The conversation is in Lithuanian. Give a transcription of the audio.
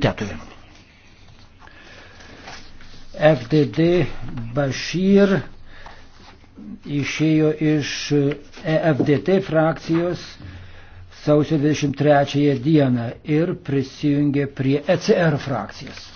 komitetui. FDD Bashir išėjo iš EFDT frakcijos sausio 23 dieną ir prisijungė prie ECR frakcijos.